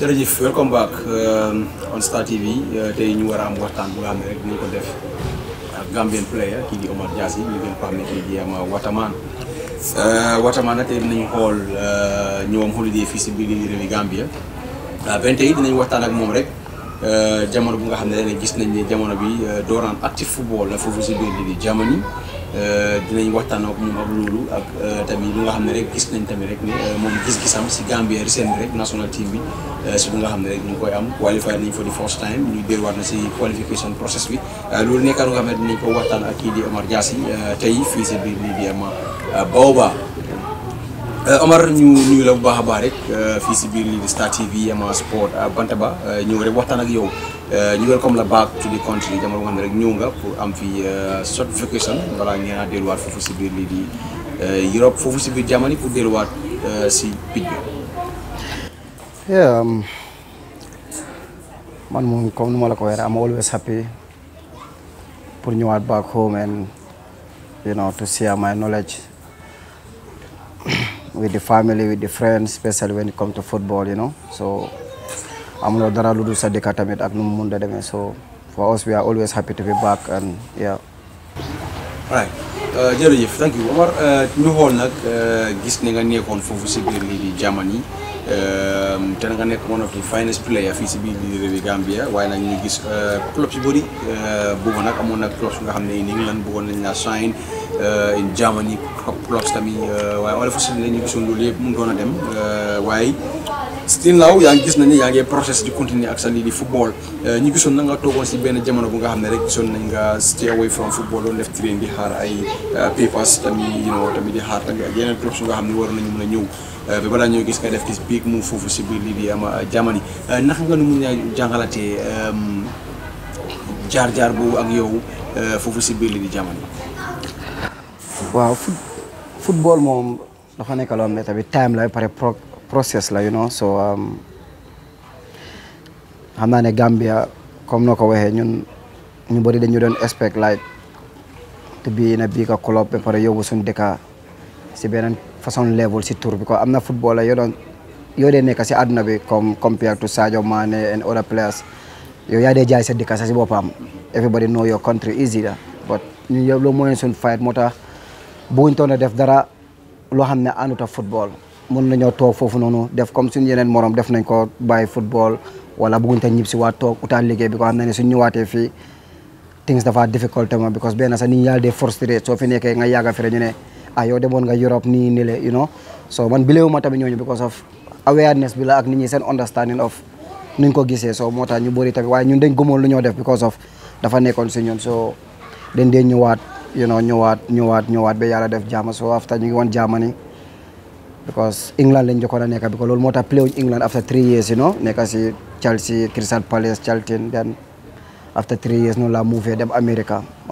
jërëjëf welcome back euh, on Star TV euh, tey ñu war a am waxtaan bu nga xam ne rek ñu ko def ak Gambian player kii di Omar Diassi ñu gën ko xam ne di ama Wataman euh, Wataman nag tey dinañ xool ñëwam holiday fii si biir réewi Gambia ben tey dinañ waxtaan ak moom rek. Euh, jamono bu nga xam ne gis nañ ne jamono bi euh, dooraan active football la foofu si biir di Germany euh, dinañ waxtaan ak ñoom ak loolu ak tamit lu nga xam ne rek gis nañ tamit rek ne moom gis-gisam si Gambia seen rek national team bi si lu nga xam ne rek ñu koy am qualifié nañ for the first time ñu delluwaat na si qualification process bi loolu nekkaan nga xam ne dinañ ko waxtaan ak kii di Omar Diassi tey fii si biir lii di ama Baobab Euh, Omar ñu nuyu la bu baax a baax rek euh, fii si biir lii di Star TV MA Sport euh, Bantaba ñëw waxtaan ak yow ñu wër comme la back to the country jamono nga xam ne rek ñëw nga pour am fi short vacation balaa ngeen a delluwaat foofu si biir lii di Europe foofu si biir Germany pour delluwaat si picc bi. Um, man moom comme nu ma la ko waxee am always happy pour ñëwaat back home and you know knowledge. with the family with the friends especially when it come to football you know so amuloo dara lu dul sa dëkk tamit ak nu mu mun a so for us we are always happy to back and yeah. Euh, jërëjëf thank you Omar euh, ñu xool nag euh, gis ni nga nekkoon foofu si biir lii di Germany te nga nekk moon of the finest player fii si biir lii réewi Gambia waaye nag ñu gis club yu bëri boobu nag amoon nag club nga xam ne in England bëggoon nañ laa sign in Germany club tamit waaye wala fas yéene ñu gisoon loolu yëpp mu doon a dem waaye. still now yaa ngi gis na ni yaa ngi process di continuer ak sa lii di football euh, ñu gisoon na nga toogoon si benn jamono bu nga xam ne rek gisoon nañ nga stay away from def train di xaar ay euh, papers tamit you ak yeneen clubs yu xam ne waroon nañu mën a ñëw euh, ba balaa ñoo gis nga def gis big move foofu si biir lii di ama Germany naka nga nu mun a jàngalatee jaar-jaar boobu ak yow foofu si biir lii di Germany. waaw football moom dafa nekk loo xam tamit time la pare process la you know so um, xam naa ne Gambia comme noo ko waxee ñun ñu bëri dañu doon expect like to be in a bigger club ba pare yóbbu suñu dëkka si beneen façon level si tour bi quoi am na footballer yoo doon yoo dee nekk si àdduna bi comme compared to Sadio Mane and other players yow yaa dee jaay sa dëkka sa si boppam everybody know your country easy la but ñu yëpp loolu moo tax bëgguñ toon def dara loo xam ne àndut ak football mën nañoo toog foofu noonu def comme suñu yeneen morom def nañ ko bàyyi football wala bëgguñ ta ñib si waat toog utaal liggéey bi ko xam ne ne suñu ñëwaatee fi things dafa difficult ma because benn sax ni yàlla dee frustré soo fi nekkee nga yàgga fi rek ñu ne ah yow demoon nga Europe nii nii la you know so man bileewuma tamit ñooñu because of awareness bi la ak nit ñi seen understanding of nuñ ko gisee so moo tax ñu bëri tamit waaye ñun dañ gëmoon lu ñoo def because of dafa nekkoon si ñun so dañ dee ñëwaat you know ñëwaat ñëwaat ñëwaat ba yàlla def jaama so after ñu ngi woon jaama ni because England lañ jokkoon a nekk because loolu moo tax play wuñ England after three years you know nekk si Chelsea Crystal Palace Charlton then after three years noonu laa move dem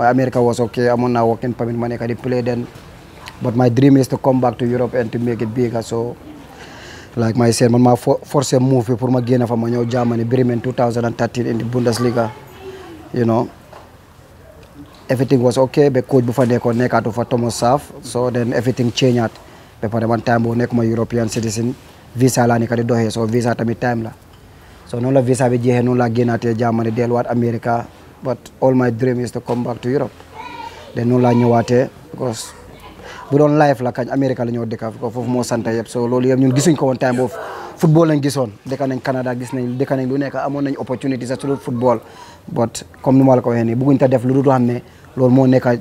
America was okay amoon naa working permit ma nekk di play then but my dream to come back to Europe and to make it bigger so like my said man maa forcé move bi pour ma génn fa ma ñëw Germany Bremen 2013 in the Bundesliga you know everything was okay ba coach bu fa nekkoon nekkaatu fa Thomas Saaf so then ba pare man time boo nekk ma European citizen visa laa nekk di doxee visa tamit time la so noonu la visa bi jeexee noonu laa génnaatee Germany delluwaat America but all my dream is to come back to Europe de noonu laa ñëwaatee because bu doon life la kañ America la ñoo dëkka ko foofu moo sant yëpp so loolu yëpp ñun gisuñ ko woon time boobu football lañ gisoon dëkka nañ Canada gis nañ dëkka nañ lu nekk amoon nañ opportunity sax su football but comme ni ma la ko ta def lu dul xam ne loolu nekk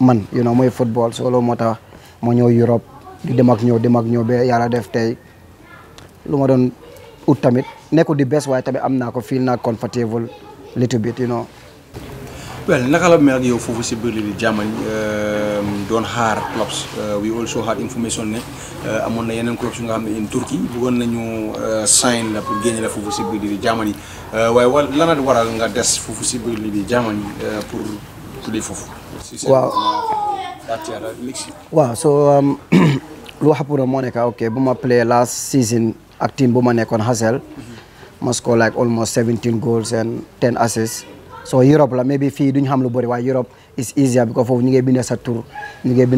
man you know mooy football so moo tax ma ñëw Europe di dem ak ñëw dem ak ñëw ba yàlla def tey lu ma doon ut tamit nekkul di bees waaye tamit am naa ko feel naa comfortable little bit you know. naka la mel yow foofu si biir li di jàmmal ehm, doon xaar clubs eh, we also had information ne eh, amoon na yeneen clubs yu nga xam ne in Turquie bëggoon nañu eh, sign la pour génne la foofu si biir li yi waaye wa waral nga des foofu si biir li di jàmmal pour tuddee foofu. waaw so um, lu Hapura moo nekk ok bu ma play last season ak team bu ma nekkoon Hassel ma score like almost 17 goals and 10 assists so Europe la maybe fii duñ xam lu bëri waaye Europe is easier because foofu ñu ngi bind sa tour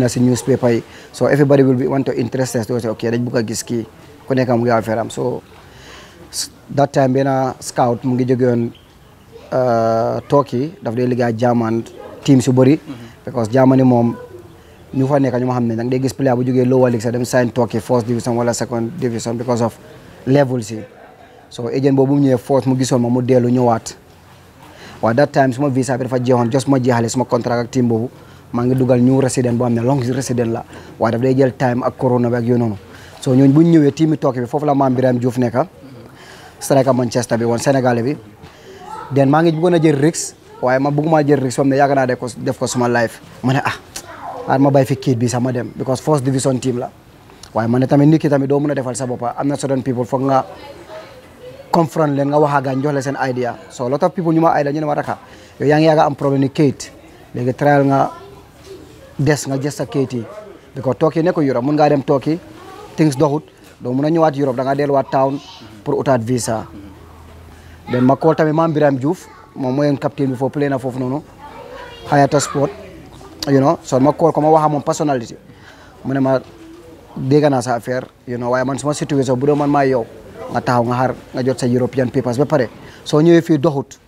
si newspaper yi so everybody will be want to interested to say ok dañ bëgg a gis kii ku nekk mu ngi affaire am so that time benn scout mu ngi jógewoon uh, Turkey daf dee liggéey German team su bëri mm-hmm. because Germany moom ñu fa nekk ñu ma xam ne nag day gis player bu jógee lower league sax dem sign tokki first division wala second division because of levels yi so agent boobu mu ñëwee first mu gisoon ma mu dellu ñëwaat waaw that time suma visa bi dafa jeexoon jos ma jeexale suma contrat ak team boobu maa ngi dugal new resident boo xam ne long resident la a daf day jël time a corona bi ak yooyu so ñooñu bu ñu ñëwee team bi tokki bi foofu la maam Birame Diouf nekk striker Manchester bi woon Sénégalais bi den maa ngi bëggoon a jël risque waaye ma bëgguma jël risque soo xam ne yàgg naa def ko suma life ma ne ah, xaar ma bàyyi fi kiit bi sax ma dem because first division team la waaye ma ne tamit nit ki tamit doo mën a defal sa bopp am na certain people foog nga confront leen nga wax ak gaañ jox seen idea so lot of people ñu ma idea ñu ne ma raka yow yaa ngi yàgg am problème ni kayit léegi trial nga des nga jës sa kayit yi because tooki nekk Europe mun ngaa dem tooki things doxut doo mun a ñëwaat Europe da ngaa delluwaat town pour utaat visa den ma call tamit maam Birame Diouf moom mooy capitaine bi foofu na foofu noonu Hayata Sport you know ma kool ko ma wax ak moom personnalité mu ne ma dégg naa sa affaire you know waaye man suma situation bu doon man maa yow nga taxaw nga xaar nga jot sa European papers ba pare soo ñëwee fii doxut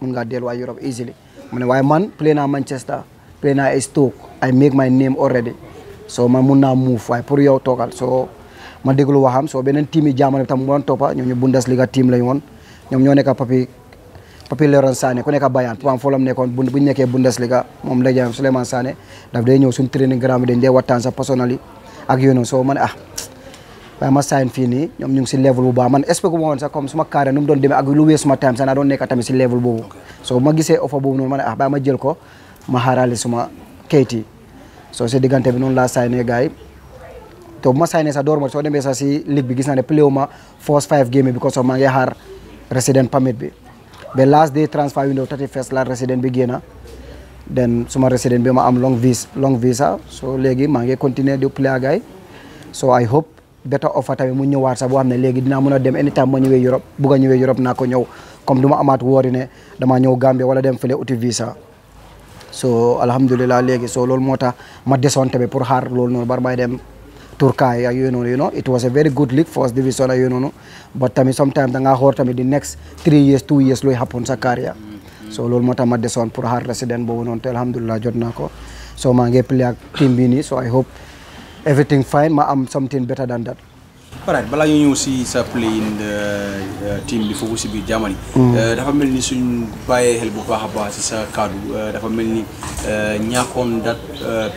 mun ngaa delluwaay Europe easily mu ne waaye man play naa Manchester play naa Stoke I make my name already so man mun naa move waaye pour yow toogal so ma déglu waxam so beneen team yi jaamane bi tam mu doon toppa ñoom ñu Bundesliga team lañ woon ñoom ñoo nekk Papi Leroy Sané ku nekk Bayern papaam foofu la mu nekkoon bu nekkee Bundesliga moom la jaam Souleymane daf day ñëw suñu training ground bi dañ dee sa personnel ak yooyu noonu soo ma ah waaye ma sign fii nii ñoom ñu ngi si level bu baax man expecté woon sax comme suma carrière doon demee ak lu wees suma time sax naa doon nekk tamit si level boobu soo ma gisee offer boobu noonu ma ne ah baa ma jël ko ma xaarale suma kayit yi soo si diggante bi noonu laa signé gars yi te bu ma signé sax door ma soo demee sax si ligue bi gis naa ne pléwu ma force five game bi because of maa bi the last day transfer window 31st la resident bi génna then suma resident bi ma am long visa long visa so léegi maa ngi continuer di play gaay so I hope better offer tamit mu ñëwaat sax boo xam ne léegi dinaa mën a dem anytime ma ñëwee Europe bugg a ñëwee Europe naa ko ñëw comme du ma amaat woori ne damaa ñëw Gambia wala dem fële uti visa so alhamdulilah léegi so loolu moo tax ma desoon tamit pour xaar loolu noonu bar may dem turkaay ak yooyu noonu you know it was a very good league first division ak yooyu but tamit sometimes da ngaa xool tamit next three years two years luy happen sa mm-hmm. so loolu moo tax ma desoon pour xaar résident boobu noonu te alhamdulilah jot naa ko so maa ngi play ak team bi nii so I hope everything fine ma am something better than that alright balaa ñu ñëw si sa playing uh, team bi foofu si biir Germany mm. uh, dafa mel ni suñ bàyyee xel bu baax a baax si sa kaddu uh, dafa mel ni ñaakoon dat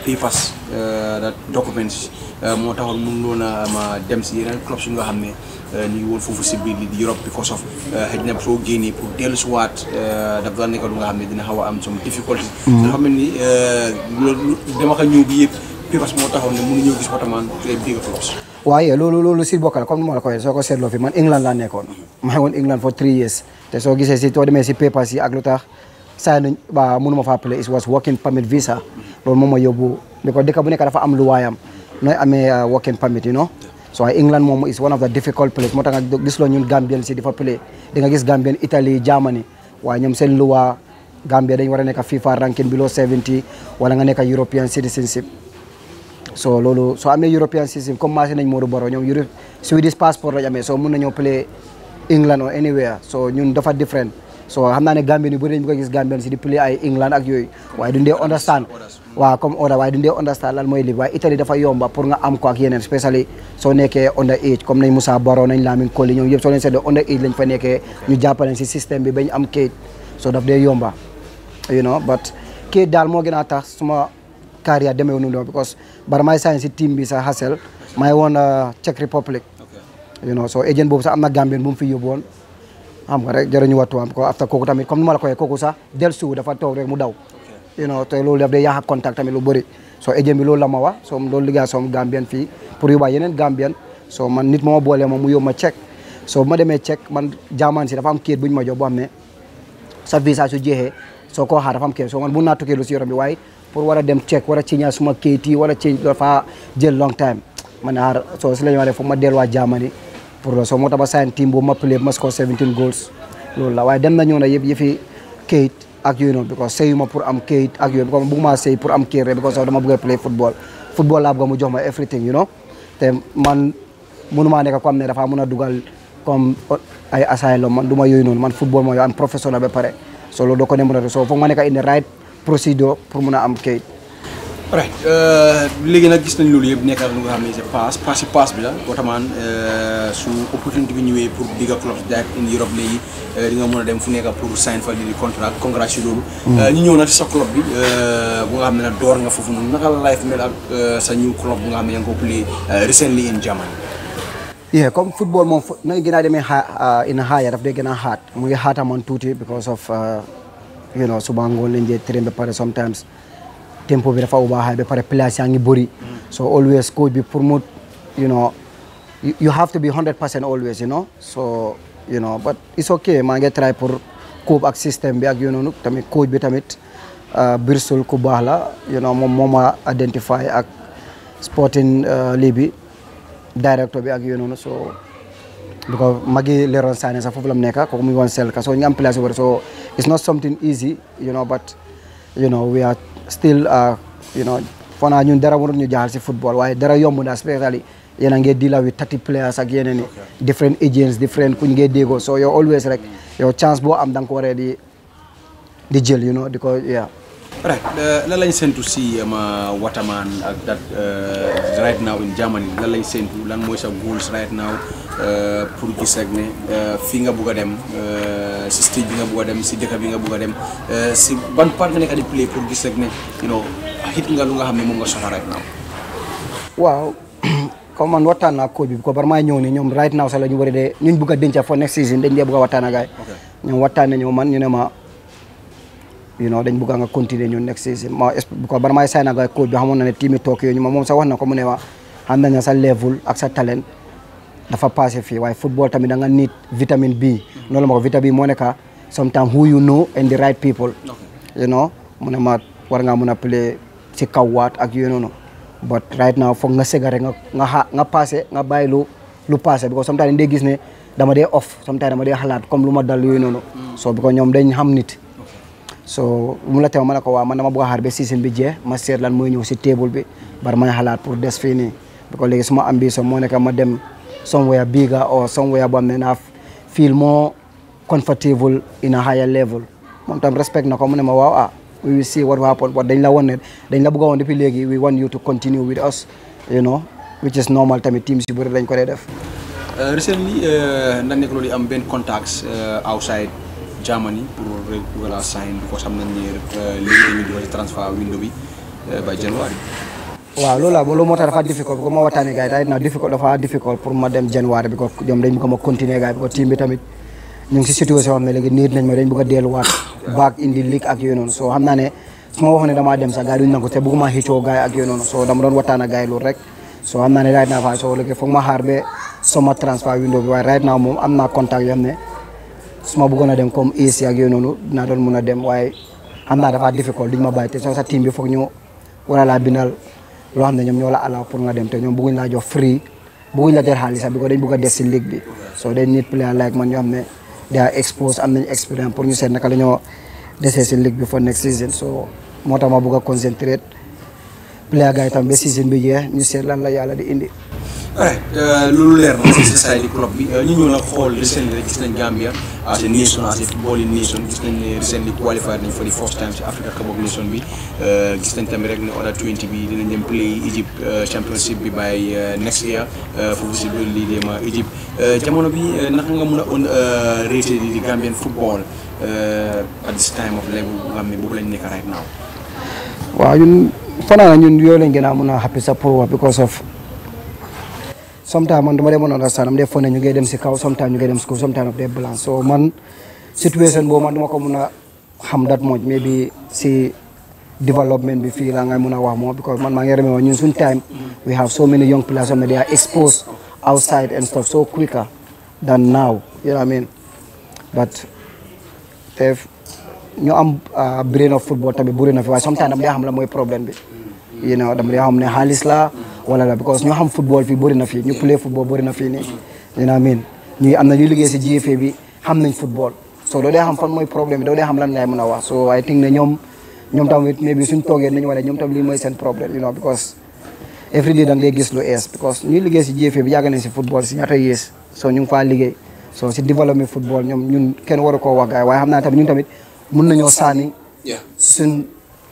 papers dat documents moo taxoon mun loon a ma dem si yeneen club su nga xam ne nii ngi woon foofu si biir di Europe because of xëy na soo génnee pour dellusiwaat daf daan nekk lu nga xam ne dina xaw a am some difficulty mm. dafa mel ni loolu dama ko ñëw bi yëpp papers moo taxoon ne mënu ñëw gis watamaan biir clubs waaye loolu loolu si bokkal comme ni ma la ko waxee soo ko seetloo fi man England laa nekkoon maa ngi woon England for three years te soo gisee si soo demee si papers yi ak lu tax saa nañ ba mënuma faa it was working permit visa loolu moom ma yóbbu bi ko dëkk bu nekk dafa am lu waayam nooy amee uh, working permit you know so England moom is one of the difficult place moo tax nga gis loo ñun Gambien si di fa play di nga gis Gambien Italie Germany waaye ñoom seen luwaa Gambia dañ war a nekk FIFA ranking so loolu soo amee European system commencé nañ Modou Boro ñoom Europe Swedish passport lañ amee soo mun nañoo play England or anywhere so ñun dafa different so xam naa ne Gambien yu bëri nañ gis Gambien si di play England ak yooyu waaye duñ understand waaw comme order waaye duñ understand lan mooy li waaye Italie dafa yomba pour nga am ko ak yeneen spécially soo nekkee under age comme nañ Moussa Baro nañ Lamin Koli ñoom yëpp soo leen under age lañ fa nekkee career demeewul noonu because bara may sign si team bi sa Hassel may woon uh, Czech Republic. you know so agent boobu sax am na Gambien bu mu fi yóbbu woon xam nga rek jërëñu wattu am ko after kooku tamit comme ma la koyee kooku sax dellusiwu dafa toog rek mu daw. you know te loolu daf day yàq contact tamit lu bëri so agent loolu la ma wax so loolu liggéey soom Gambien fii pour yóbbaale yeneen Gambien so man nit moo boole moom mu yóbbu ma Czech soo ma demee Czech man jaamaan si dafa am kayit bu ñu ma jox boo ne sa visa su soo ko xaar dafa am kayit so man bi waaye pour war a dem check war a ci suma kayit yi war a ci dafa jël long time man aar soo si la ñu waxee foofu ma delluwaat Germany pour la soo moo tax ba sign team bu ma play ma score goals loolu la waaye dem na ñëw na yëpp yëfi kayit ak yooyu noonu because seyu ma pour am kayit ak yooyu because ma sey pour am kayit rek because dama bëgg a play football football laa bëgg mu jox ma everything you know te man mënumaa nekk ko am ne dafa mun a dugal comme ay asylum man du ma yooyu noonu man football mooy am professionnel ba pare procédure pour mun a am kayit. right euh, léegi nag gis nañ loolu yëpp nekka lu nga xam ne c'est pass pass pass bi la otamaan euh, su opportunité bi ñëwee pour bigger clubs daal in Europe léegi euh, di nga mën a dem fu nekk pour sign fa lii di contrat congrats si loolu. Mm. ñu ñëw nag si sa club bi bu nga xam ne nag door nga foofu noonu a la life mel ak sa new club bu nga xam ne yaa ngi ko play recently in Germany. yeah comme football moom fu na gën a demee xa uh, in a higher dee gën a xaat mu ngi xaataman tuuti because of. Uh, you know subangoon lañ dee train ba pare sometimes tempo bi dafa ubaaxaay ba pare place yaa ngi bëri so always coach bi pour mu you know you have to be hundred percent always you know so you know but it's okay maa ngi try pour cope ak système bi ak you tamit coach bi tamit uh, Birsul ku baax la you know moom moom identify ak sporting uh, lii bi directeur ak you lu ko magi Leroy Sané sax foofu la mu nekka kooku mu ngi woon Celka so ñu am place boobu so it's not something easy you know but you know we are still uh, you know ñun dara warul ñu jaaxal si football waaye dara yomb na especially yéen a ngi deal with thirty players ak yeneen i different agents different kuñ gee déggoo so yo always rek yow chance boo am da nga ko waree di di jël you know di ko yeah Right. Uh, lañ séntu si ma um, Wataman ak that uh, right now in Germany la lañ séntu mooy sa goals right now Euh, pour gis rek ne euh, fii nga bugg a dem euh, si stage bi nga bugg dem si dëkk bi nga bugg a dem si ban part nga nekk di play pour gis ne you know hit nga lu nga xam ne moom nga soxla right now. waaw comme man waxtaan naa bi ko bar maa ñëw ni ñoom right now sax la ñu war a dee ñu bugg a denc for next season dañ dee bugg a waxtaan ak gaay ñoom waxtaan nañoo man ñu ne ma. you know dañ bëgg nga continuer ñun next season ma ko bar may say na ga bi xamoon na ne tiimi toog yooyu ñu ma moom sax wax ko mu ne ma xam nañ sa level ak sa dafa passé fii waaye football tamit da nga niit vitamin B. loolu ma ko vitamine moo nekk sometimes who you know and the right people. you know mu ne ma war ngaa mën a play si kaw waat ak yooyu noonu. but right now foog nga segare nga nga xa nga passé nga bàyyi lu lu passé because sometimes day gis ne dama dee off sometimes dama dee xalaat comme lu ma dal yooyu noonu. Mm. so because ñoom dañ xam nit. so mu la teew ma ne ko waa man na bëgg a xaar ba bi jeex ma seet lan mooy ñëw si table bi ma may xalaat pour des fii nii léegi suma ambition moo nekk ma dem. somewhere bigger or somewhere but men have feel more comfortable in a higher level moom tam respect na ko mu ne ma waaw ah we will see what will happen but dañ la woon dañ la bëgg a woon depuis léegi we want you to continue with us you know which is normal tamit teams yu bëri dañ ko dee def euh, recently euh, na nekk loolu am benn contacts euh, outside Germany pour voilà sign because xam nañ ne léegi dañuy January waaw loolu la loolu moo tax dafa difficult bu ko ma waxtaanee gars yi tamit na difficult dafa difficult pour ma dem January bi ko ñoom ko ma continuer gars yi bi ko team bi tamit ñu ngi si situation xam ne léegi niit a delluwaat back indi league ak yooyu noonu soo xam naa ne su ma wax dem sax naa ne right now faa ma ba sama a dem dafa difficult duñ ma bàyyi te soo sa team bi foog ñu war laa bindal loo xam ne ñoom ñoo la allow pour nga dem te ñoom bëgguñ laa jox free bëgguñ la ter xaalis sax bi ko dañ bëgg a des si ligue bi so dañ nit player like man ñoo xam ne daa expose am nañ expérience pour ñu seet naka la ñoo desee si ligue bi for next season so moo tax ma bëgg a concentré player gars tam ba season bi jeex ñu seet lan la yàlla di indi pare euh, loolu leer na si Society Club bi euh, ñu ñëw nag xool recently rek gis Gambia as ah, a nation as a footballing nation gis nañ recently qualifier nañ bi euh, gis nañ tamit rek bi dinañ dem play Egypt championship bi by next year foofu si loolu lii dem Egypt jamono bi naka mun a on raté Gambian football at this time of level bu xam ne boobu lañ nekk right now. waaw ñun ñun yooyu lañ gën a mun a happy sa pour because of sometimes man dama dee mën understand am dee ñu ngi dem si kaw sometimes ñu ngi dem si kaw sometimes am balance so man situation boobu man dama ko mun a xam dat mooy mais bi si development bi fii laa ngay mun a wax moom because man maa ngi remercié ñun suñ time we have so many young people they are exposed outside and stuff so quicker than now you know I mean but if am ah, brain of football tamit bëri na fi waaye sometimes dama dee la mooy problème bi you know wala la because ñoo xam football fii bëri na fii ñu play football bëri na fii nii you know what I mean ñuy liggéey si GFA bi xam nañ football so doo dee xam lan ngay mën a wax so I think ne ñoom tamit mun nañoo saani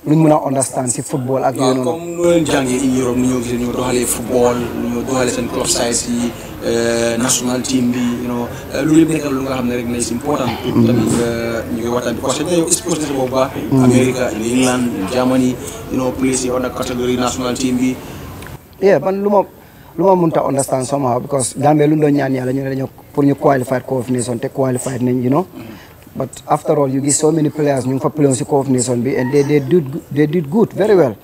luñ mën a understand si football ak yooyu noonu. comme noo leen jàngee in Europe ni ñoo doxalee football ñoo doxalee seen club size yi euh, national team bi you know euh, loolu yëpp nekkal lu nga xam ne rek ne c'est important. Mm-hmm. tamit euh, ñu koy waxtaan parce mm-hmm. que yi on a catégorie national team bi. yeah man lu ma lu ma a understand somehow because Gambie lu ñu doon ñaan yàlla ñu ne dañoo pour ñu qualifier Cup of te qualifier nañ you mm-hmm. But after all, you get so many players you for playing coordination and they, they did they did good, very well.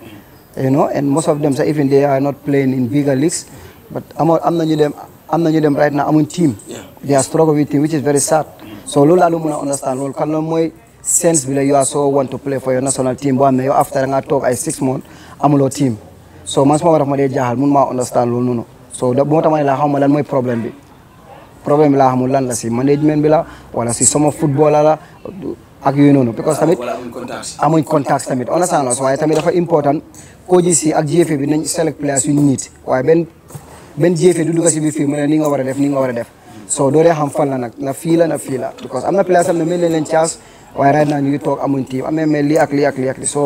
You know, and most of them so even they are not playing in bigger leagues. But I'm I'm not them right now, I'm team. They are struggling with which is very sad. So Lolo Alumuna understand Lolo can no sense bila you also want to play for your national team but you after nga talk I six months amulo team. So man sama wara ma day jaxal mun ma understand lolu no. bi. problème la amul lan la si management bi la wala si sama football la ak yooyu noonu parce que tamit amuñ contact tamit on a la waaye tamit dafa important koo ji si ak GFA bi nañ select place yu nit waaye benn benn GFA du dugg si biir fii mu ne ni nga war a def ni nga war a def so doo dee xam fan la nag na fii la na fii la because am na place am na mel ne leen caas waaye right now ñu ngi toog amuñ team amee mais lii ak lii ak lii so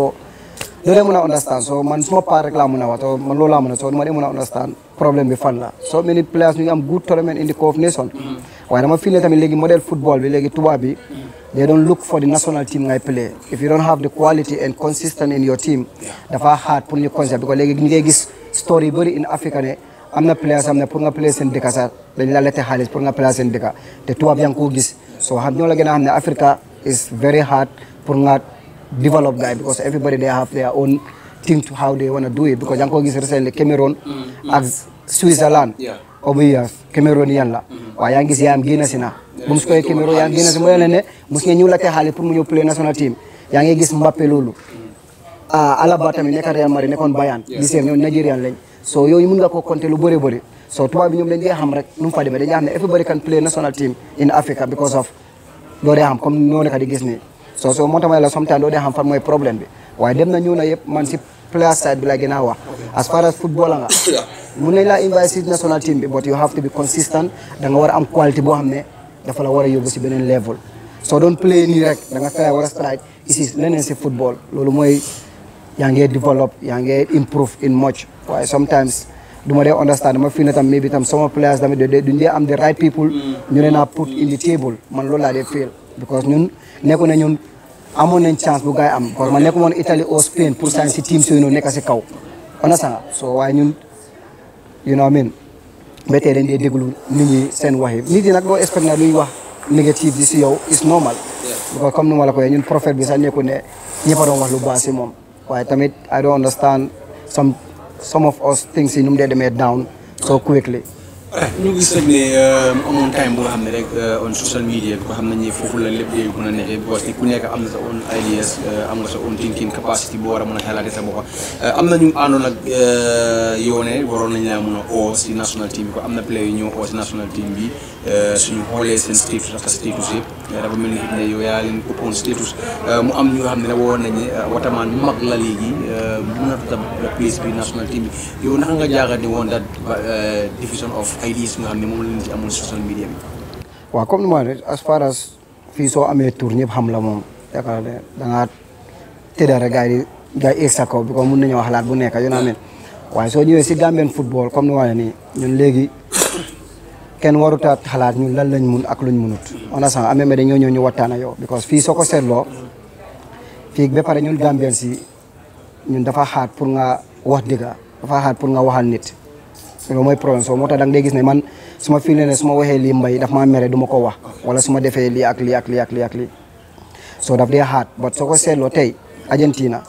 doo dee mën a understand man suma part a wax man loolu laa so ma problème bi fan la so many players ñu ngi am good tournament in the coordination mm-hmm. waaye dama feel ne tamit léegi modèle football bi léegi tubaab mm-hmm. they don't look for the national team ngay play if you don't have the quality and consistent in your team dafa hard pour ñu concept bi ko léegi ñu story yu in Africa ne am na players am na pour nga play seen dëkka sax dañ tubaab yaa ngi koo gis soo xam ñoo la Africa is very hard pour nga develop guy because think to how they want to do it because yang ko gis recently Cameroon ak Switzerland obvious oh, uh, Cameroonian la waaye yaa ngi gis yaayam génn si na bu mu su koy Cameroon yaa ngi si mooy leen ne mos ngeen ñu laajte xaalis pour mu ñëw play national team yaa ngi gis Mbappé loolu ah, Alaba tamit nekkoon Real Madrid nekkoon Bayern gis ngeen ñoom Nigerian lañ so yooyu mun nga ko compter lu bëri bëri so tubaab bi ñoom dañ dee rek nu mu fa demee dañ dee everybody can play national team in so so moo tax ma ne la sometimes doo dee xam fan mooy problème bi waaye dem na ñëw na yëpp man si place side bi la gën a wax as far as football nga mun nañ laa invite si national team bi but you have to be consistent da war a am qualité boo xam ne dafa la war a yóbbu si beneen level soo doon play nii rek da nga try war a strike ici leneen si football loolu mooy yaa ngi develop yaa ngi improve in much waaye sometimes du ma dee understand dama fii ne tam tam sama players tamit duñ dee am the right people mm. ñu loolu laa because ñun nekku ne ñun amoon nañ chance bu gaay am because man nekku moon Italie au Spain pour sign si team sooy noonu nekk si kaw understand so waaye ñun you know ba tey dañ dee déglu nit ñi seen wax yi nit ñi nag doo expect na luy wax négatif bi si yow is normal because comme nu ma la ko ñun prophète bi sax nekku ne ñëpp a doon wax lu baax si moom waaye tamit I don't understand some some of us things yi nu mu dee demee down so quickly ñu gis rek ne euh, amoon time bu nga xam ne rek euh, on social media bi ko xam nañu foofu la lépp léegi mën a nekkee parce ku nekk am na sa on ideas euh, am nga sa own thinking capacity boo war a mën a xalaatee sa bopp am na ñu àndoon ak yoone waroon nañ laa mën a oo si national team bi ko am na play ñoo ñëw oo si national team bi Euh, suñu xoolee seen status parce que status yëpp dafa mel ni ne yow yaa leen ëppoon status euh, mu am ñu xam ne ne woon nañ ne euh, Watamaan mag la léegi mun na tab place bi national team bi yow naka nga jaagat ni woon daal diffusion of ideas nga xam ne moom la leen ci amul social media bi. waaw comme ni ma la as far as fii soo amee tour ñëpp xam la moom yaakaar ne da ngaa yi gars yi egg bi comme mun nañoo xalaat bu nekk yu naa mel waaye soo ñëwee si Gambian football comme ni ma nii ñun léegi. kenn warutaat xalaat ñun lan lañ mun ak luñ munut on a sens amee mais dañoo ñu waxtaan ak yow because fii soo ko seetloo fii ba pare ñun Gambien si ñun dafa xaat pour nga wax dëgga dafa xaat pour nga waxal nit loolu mooy problème soo moo tax da nga gis ne man su ma filee ne su ma waxee lii daf maa mere du ma wax wala su ma defee li ak li ak lii ak lii ak soo daf dee xaat but soo ko seetloo tey Argentina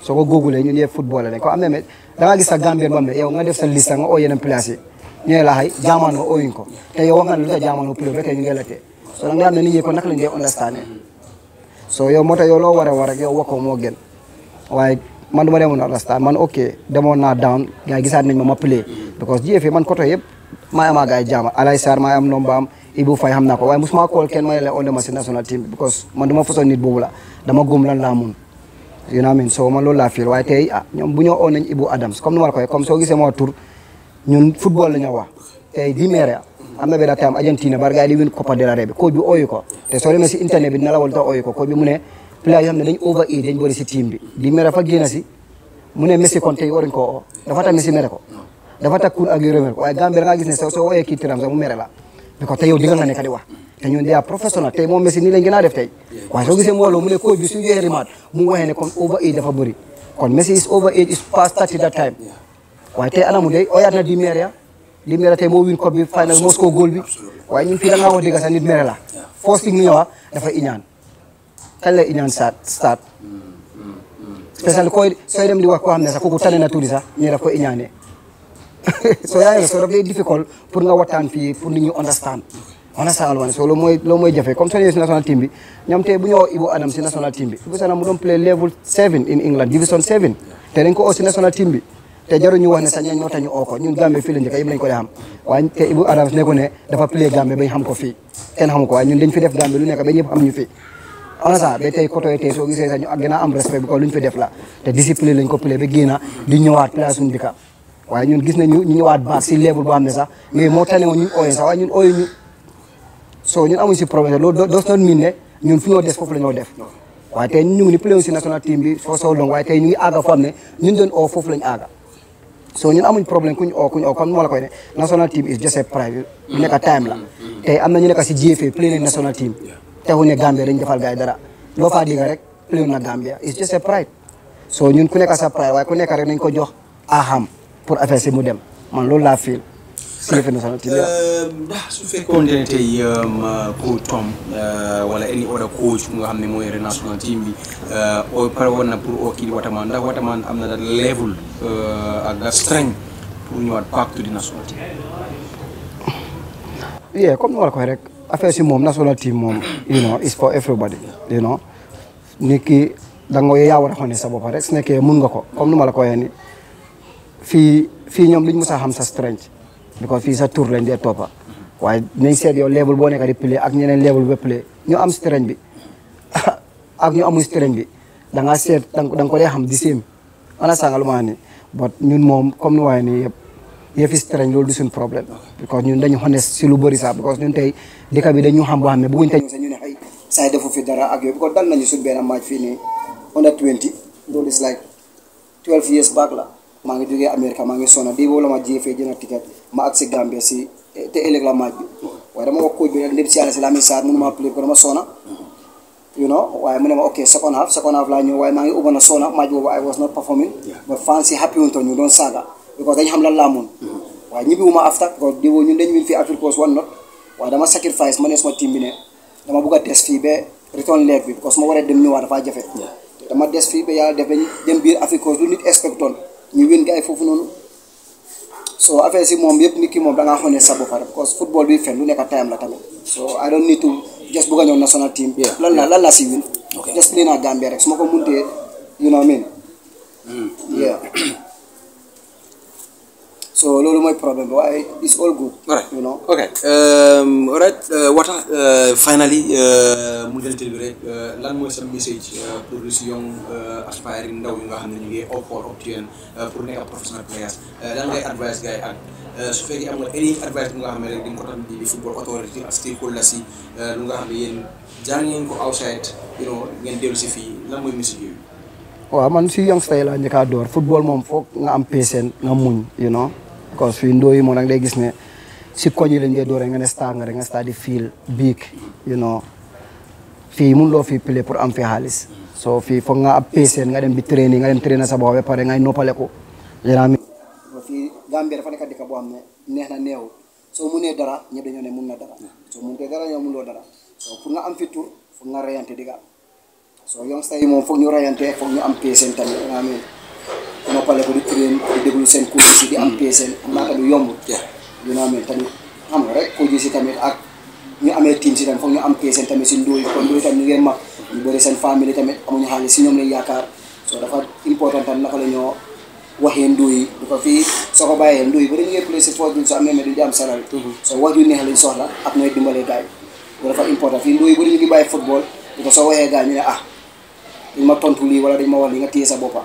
soo ko googulee ñun yëpp football lañ ko amee mais da gis sa Gambien ba yow nga def sa liste nga oo yeneen place ñooy laxay jaamano ooyuñ ko te yow wax nga ne lu tax jaamano pilo ba tey ñu ngi laajte so nag nga ne nit ko naka lañ dee understand so yow moo tax yow loo war a war yow wakkoo moo gën waaye man du ma demoon understand man ok demoon naa down gars yi gisaat nañ ma ma play because GFA man koto yëpp maa am gars yi Alay Sarr maa am nombaam Ibou Faye xam naa ko waaye mosuma call kenn ma ne la on si national team because man du ma façon nit boobu la dama gëm lan ah, oo nañ ñun football la ñu wax e di mere amma ɓeɗa tama argentina bar gaali win coppa de la reɓe koju oyi ko te so rema si internet ɓe nala wolta oyi ko koɓe mune play hamne dañ over age dañ ɓori si team bi mere ko o dafata messi mere nga ne kadi wa te ñun dia professionnel tey moom messi ni lañ gën a def tey waaye soo gisee mu wàllu mu ne coach bi rimaat mu waxee ne kon over dafa bëri kon messi is over is past thirty that time waaye tey anamu de oyaat na di mere ya di mere tey moo win coupe bi final Moscow goal bi waaye ñun fii da wax dëgg sax nit mere la force bi mu ñëwa dafa iñaan kañ la iñaan saat saat spécial koy sooy dem di wax koo xam ne sax kooku tane na tuuti sax ñu daf ko iñaane soo yaayee soo daf lay difficult pour nga waxtaan fii pour nit ñu understand understand wane so loolu mooy loolu mooy jafe comme soo ñëwee si national team bi ñoom tey bu ñu woo Ibu Adam si national team bi Ibu Adam mu in England division 7 te dañ ko oo si national bi te jaru ñu wax ne sa ñooñ moo tax ñu oo ko ñun Gambie fii la njëkk ko dee xam waaye te Ibu ko fii ko ñun dañ fi def Gambie lu nekk ba ñëpp xam ñu fii anasa ba tey kotoy tey soo gisee sax ñu gën a am respect ko lu ñu fi def di ñëwaat place suñu dëkka waaye ñun gis nañu ñu ñëwaat baax si level boo xam ne sax mais moo tane woon ñu ooyee sax ñu so ñun amuñ si problème loolu doos noon ne ñun fu ñoo des foofu la ñoo def waaye tey ñu ngi ni play si national team bi soo soo long waaye tey ñu ngi aaga foo xam ne ñun doon oo foofu lañ aaga so ñun amuñ problème kuñ oo kuñ oo comme ma la koy ne national team is just a private bu nekk time la tey am na ñu nekk si GFA playing national team texu ne Gambia dañ defal gars yi dara loo faa dégg rek playing na Gambia is just a pride so ñun ku nekk sa pride waaye ku nekk rek nañ ko jox aham pour affaire si mu dem man loolu laa fiil CFA national team ndax su fekkoon ne tey euh, euh, xam ne mooy national team bi o rek affaire moom national team moom you for everybody you know ki yaa war a xone sa bopp rek su nekkee mun nga ko comme ni ma la ni fii fii ñoom liñ mos a xam sa strength. because fii sa tour lañ dee toppa waaye nañ seet yow level boo nekk di play ak ñeneen level ba play ñu am strain bi ak ñu amul strain bi da ngaa seet da nga ko dee xam di séem ana sàngal maa ni but ñun moom comme ni waaye yëpp yëfi strain loolu du suñ problème because ñun dañu si lu bëri sax because ñun tey dëkk bi dañu xam xam ne bëgguñ tey ñu ne ay saay defu fi dara ak yooyu because dal nañu suñ benn match fii nii maa ngi jógee Amérique maa ngi sona di wala ma jiyee fee jënd ticket ma ak si Gambia si te ëllëg la maaj bi waaye dama wax coach bi ne lépp si yàlla si Lamin Sarr mënuma play ko dama soona you waaye mu ne ma ok second half second half laa ñëw waaye maa ngi ubba na soona maaj boobu I was not performing ba fan si happy wuñ ñu doon saaga because dañu xam lan laa mun mm-hmm. waaye ñibbiwuma after because déwoo ñun dañu win fii Afrique Coast one not dama sacrifice ma ne sama team bi ne dama bugg a des fii ba return leg bi because ma waree dem ñëwaat dafaa jafe dama des fii ba yàlla def dañ dem biir Afrique nit expectoon ñu win gaa yi foofu noonu so afee si moom yëpp nit ki moom da ngaa xone sa bopp rek parce que football bi fen lu nekk time la tamit so I don't need to just bëgg a ñëw national team. lan la lan la si win. ok just play naa rek su ma ko muntee you know what I mm-hmm. so loolu mooy problème bi waaye it's all good. all right you know. ok um, all right uh, uh, uh, mu jël bi rek lan mooy sa message pour les young aspiring ndaw yi nga xam ne ñu ngi all for pour nekk professional players lan ngay advice gars yi ak su fekkee am nga any advice bu nga xam ne rek di nga ko tam di football authority ak stakeholder si lu nga xam ne yéen jaar ngeen ko outside you know ngeen si fii lan mooy message yooyu. waaw man si young style laa njëkk a door football am patience cause fii ndóoyi moom da nga day gis ne si koñ yi lañ dee dooree nga ne star nga rek nga star di feel big you fii mun loo fii play pour am fi xaalis so fii foog nga ab bi training nga dem trainer sa boo xam na néew soo munee dara ñëpp dañoo ne mun na dara soo mun dara am fi tur foog nga rayante di nga am so yoon moom foog ñu rayante foog ñu am pesen tamit noppale ko di seen cours si di am mm-hmm. paie seen am xam nga rek cours si tamit ak ñu amee team si tamit foog ñu am paie seen si ndóoy kon ndóoy tamit ñu ngeen mag ñu bëri seen famille tamit amuñu xaalis si ñoom lañ yaakaar soo dafa important la ñoo waxee ndóoy yi du ko fii soo yi ba dañu ngay placé foofu bi soo amee mais duñu am mm-hmm. neex lañ soxla ak nooy dimbalee gars yi dafa important fii ndóoy yi ba dañu ngi bàyyi football du ko soo waxee gars ñu ne ah dañ ma tontu lii wala dañ ma wax li nga téye sa boppa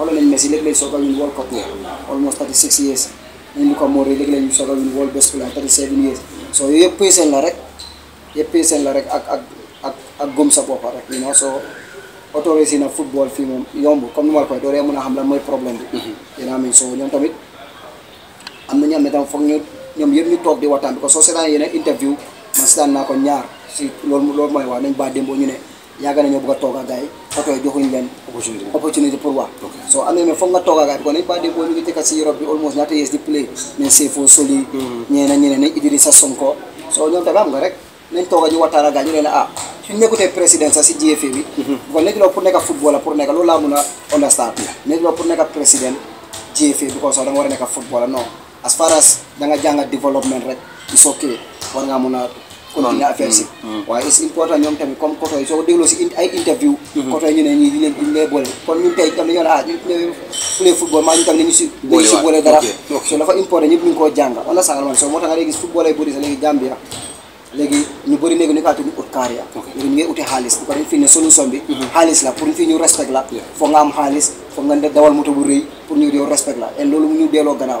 Holland and Messi leg leg soccer win World Cup here, almost 36 years. And Luka Modric leg leg soccer win World Best Player 37 years. So you have patience la rek, you have patience la rek ak ak ak ak sa bopp rek, you know, so autorisé na football fii moom yomb comme ni ma la koy dooree mën a xam lan mooy problème bi. yéen a amee soo ñoom tamit am na ñoo xam ne tam foog ñu ñoom yëpp ñu toog di waxtaan bi parce que soo seetaan yeneen interview man seetaan naa ko ñaar si loolu loolu mooy wax nañ ba démboo ñu ne yàgg nañoo bëgg a toog ak photo yi joxuñ leen opportunité pour wax so andoona yee foog nga toog ak ko nañ ba dee boo ñu ngi si Europe bi almost ñaata yees di play mm-hmm. a ñu waxtaan ak ñu leen ah suñ nekkutee président sax si GFA bi mm-hmm. kon nekk loolu laa mun a understand nekk loolu pour nekk président GFA bi ko sax da war a nekk footballeur non as far as da développement rek it's okay war ngaa mun a couleur yi affaire si mm, mm. waaye it's important ñoom tamit comme koto yi soo dégloo si interview koto mm-hmm. yi ñu ne boole kon ñun tey tam dañoo ah ñu play football maa ñu tam nañu si boy si boole dara so ñu ngi koo jàng wala so moo tax nga léegi football ay bëri sax léegi Gambia léegi ñu bëri léegi ñu kaatu ñu ut carrière léegi ñu ngay uti xaalis bu ko defee fii ne solution bi mm-hmm. xaalis la pour ñu fii ñu respect la foog loolu ñu delloo ganaaw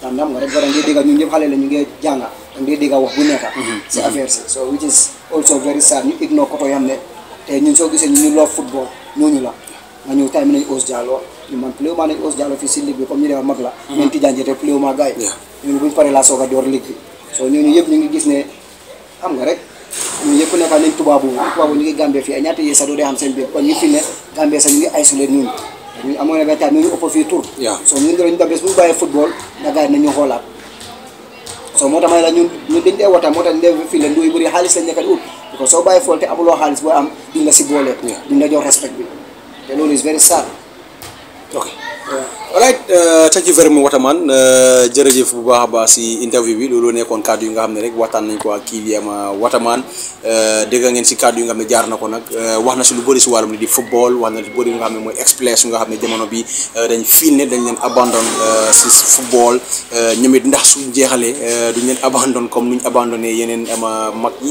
daan xam nga rek borom dégg ñu ngi jàng dañ day dégg wax bu nekk mhm. si affaire si so which is also very sad ñu ignore koto yam ne te ñun soo gisee ñu ñu love football ñooñu la nga ñëw time nañ ñu man plus maa nañ Ous Jallow fii si ligue la ñun Tijaan Jete plus maa gars yi ñun buñu paree laa soog door ligue bi so ñooñu yëpp ñu ngi gis ne xam nga rek ñu yëpp nekk nañ tubaabu tubaabu ñu ngi Gambie fii ay ñaata yee sax doo dee xam seen biir kon ñu fi ne Gambie sax ñu ngi isolé ñun mi amoon na time mi ngi ëpp fii tur so ñun dinañ dem bés bu ñu bàyyee football dagaay nañu xoolaat so moo tax ma ne la ñun dañ dee wata moo tax ñu dee fii la nduy bëri xaalis lañ nekk di ut because soo bàyyi fool te amuloo xaalis boo am duñ la si boole duñ la jox respect bi te loolu is very sad ok alright euh, thank you very much Wataman euh, jërëjëf bu baax a baax si interview bi loolu nekkoon kàddu yi nga xam ne rek waxtaan nañ ko ak kii di ama Wataman euh, dégg ngeen si kàddu yi nga xam ne jaar na ko nag wax na si lu bëri si wàllum di football wax na lu bëri nga xam ne mooy exploits nga xam ne jamono bi dañ fiil ne dañ leen abandon si football ñoom it ndax suñ jeexalee duñ leen abandon comme nuñ abandonné yeneen ama mag yi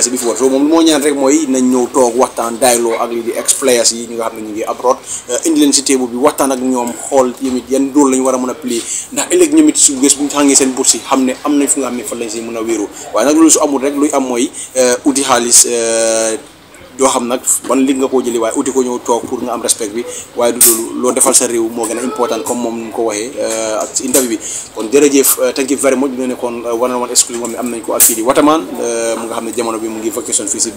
si bi football so moom moo ñaan rek mooy nañ ñëw toog waxtaan daayloo ak lii di exploits yi ñi nga xam ne ñu ngi abroad indi leen si table bi waxtaan ak ñoom xool xool yéen yan rôle la ñu war a mën a plier ndax ëllëg ñoom it su bés bu ñu xàngee seen bourse yi xam ne am nañ fu nga xam ne fan lañ si mën a wéeru waaye nag loolu su amul rek luy am mooy euh, uti xaalis euh, doo xam nag ban lig nga koo jëli waaye uti ko ñëw toog pour nga am respect bi waaye du loolu loo defal sa réew moo gën a important comme moom nu mu ko waxee euh, ak interview bi kon jërëjëf euh, thank you very much ñu ne kon euh, one on one exclusive moom am nañ ko ak kii di Watamaan mu nga xam ne jamono bi mu ngi vacation fii si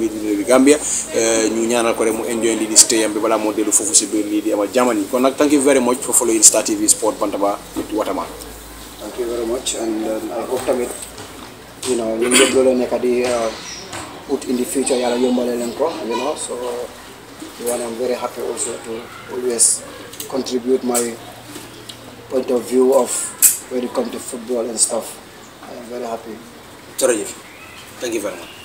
ñaanal ko rek mu enjoy lii di si bi balaa moo dellu foofu si biir lii di amal jaman yi kon nag thank you very much for following Star TV Sport Bantaba with Watamaan um, I hope tamit you know nekk uh, put in the future yàlla yombale leen ko you know so you know, I'm very happy also to always contribute my point of view of when it comes to football and stuff I am very happy. jërëjëf thank you very much.